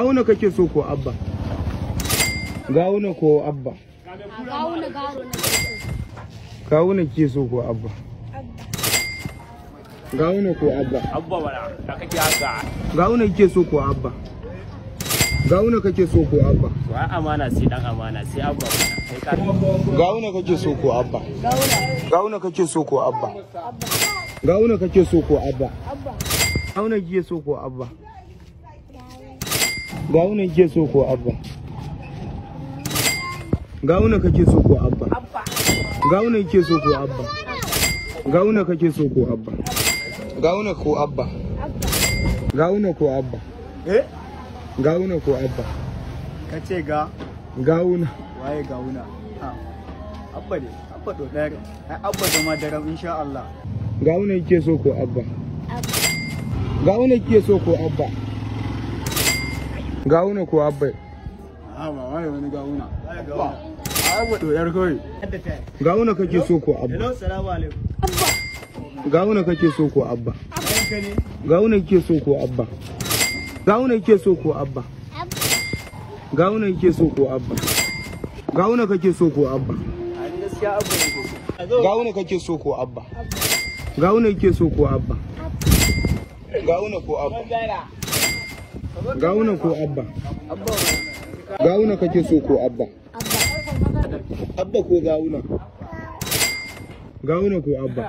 gawuna kake so ko abba gawuna ko abba gawuna ke so ko abba gawuna ko abba abba wala da kake haka gawuna ke so ko abba gawuna kake so ko abba wa amana sai dan amana sai abba gawuna kake so ko abba gawuna kake so ko abba gawuna kake so ko abba abba gawuna kake so ko abba gawuna ke so ko abba gawuna kake so ko abba gawuna ke so ko abba gawuna kake so ko abba gawuna ko abba gawuna ko abba eh gawuna ko abba kace ga gawuna waye gawuna abba ne abba to dare abba zama daren insha Allah gawuna ke so ko abba gawuna ke so ko abba gawuna ko abba a ba wai wani gawuna abba to yar kai gawuna kake so ko abba hello assalamu alaikum abba gawuna kake so ko abba gawuna kake so ko abba gawuna kake so ko abba gawuna kake so ko abba gawuna kake so ko abba gawuna kake so ko abba gawuna kake so ko abba gawuna ko abba gawuna ko abba gawuna kake so ko abba abba ko gawuna gawuna ko abba